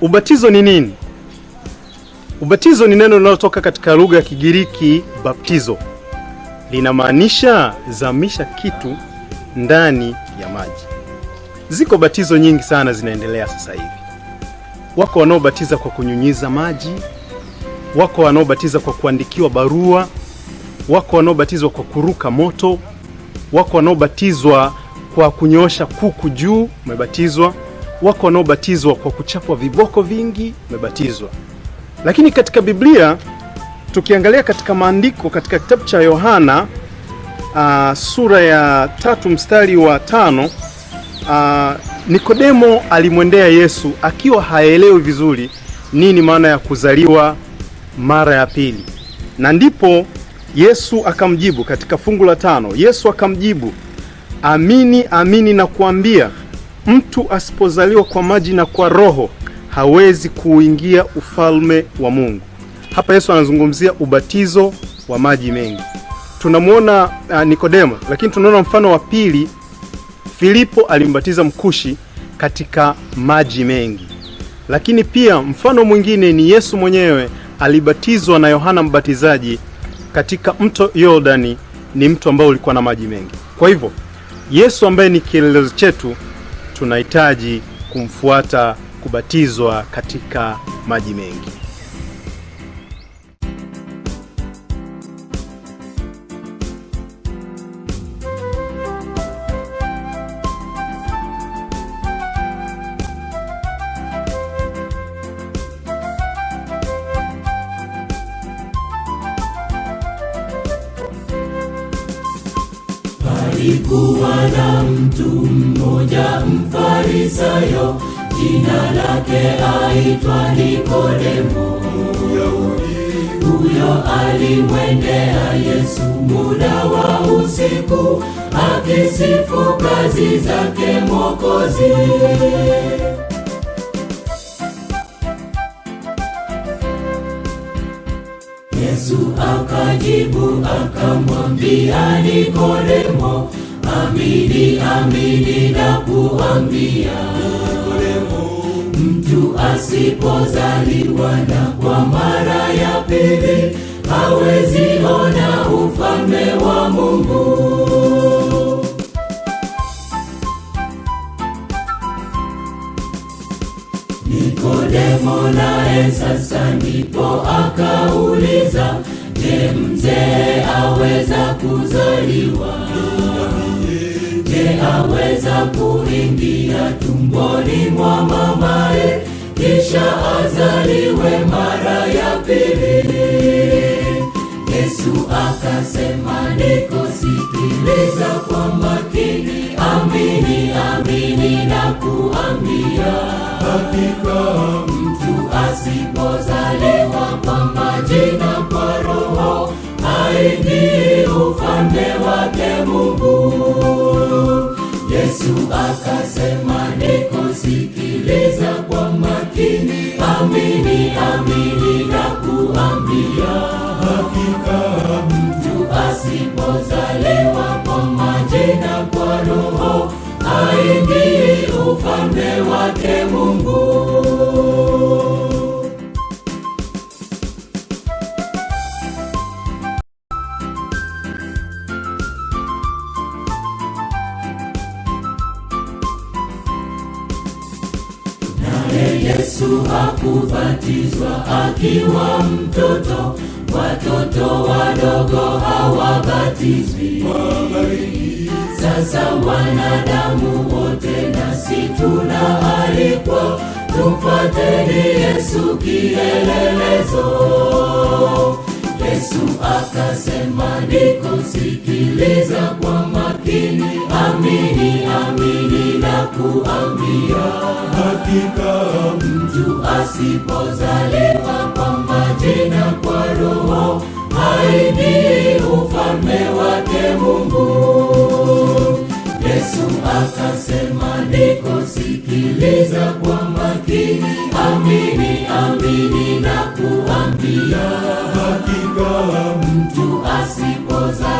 Ubatizo ni nini? Ubatizo ni neno linalotoka katika lugha ya Kigiriki baptizo, linamaanisha zamisha kitu ndani ya maji. Ziko batizo nyingi sana zinaendelea sasa hivi. Wako wanaobatiza kwa kunyunyiza maji, wako wanaobatiza kwa kuandikiwa barua, wako wanaobatizwa kwa kuruka moto, wako wanaobatizwa kwa kunyoosha kuku juu, umebatizwa wako wanaobatizwa kwa kuchapwa viboko vingi, wamebatizwa. Lakini katika Biblia tukiangalia katika maandiko, katika kitabu cha Yohana uh, sura ya tatu mstari wa tano uh, Nikodemo alimwendea Yesu akiwa haelewi vizuri nini maana ya kuzaliwa mara ya pili, na ndipo Yesu akamjibu katika fungu la tano. Yesu akamjibu, amini amini na kuambia Mtu asipozaliwa kwa maji na kwa Roho hawezi kuingia ufalme wa Mungu. Hapa Yesu anazungumzia ubatizo wa maji mengi. Tunamwona uh, ah, Nikodemo, lakini tunaona mfano wa pili, Filipo alimbatiza mkushi katika maji mengi. Lakini pia mfano mwingine ni Yesu mwenyewe alibatizwa na Yohana Mbatizaji katika mto Yordani, ni mto ambao ulikuwa na maji mengi. Kwa hivyo Yesu ambaye ni kielelezo chetu tunahitaji kumfuata kubatizwa katika maji mengi. Palikuwa na mtu mmoja Mfarisayo, jina lake aitwa Nikodemo. Huyo alimwendea Yesu muda wa usiku, akisifu kazi zake Mwokozi. Yesu akajibu akamwambia Nikodemo, amini amini nakuambia, mtu asipozaliwa na kwa mara ya pili hawezi ona ufalme wa Mungu. Nikodemo naye sasa ndipo akauliza, je, mzee aweza kuzaliwa? Je, aweza kuingia tumboni mwa mamae kisha azaliwe mara ya pili? Yesu akasema, nikosikiliza kwa makini, amini amini na kuambia Hakika mtu asipozaliwa kwa maji na kwa Roho haingii ufalme wake Mungu. Yesu akasema, nikusikiliza kwa makini, amini amini kuambia hakika mtu asipozaliwa kwa maji na kwa Roho haingii ufalme Yesu hakubatizwa akiwa mtoto. Watoto wadogo hawabatizwi. Sasa wanadamu wote nasi tunaalikwa, tumfuateni Yesu kielelezo Yesu akasema, nikusikiliza kwa makini. Amini, amini na kuambia, hakika mtu asipozaliwa kwa maji na kwa Roho haingii ufalme wake Mungu. Yesu akasema, nikusikiliza kwa makini. Amini, amini na kuambia mtu asipoza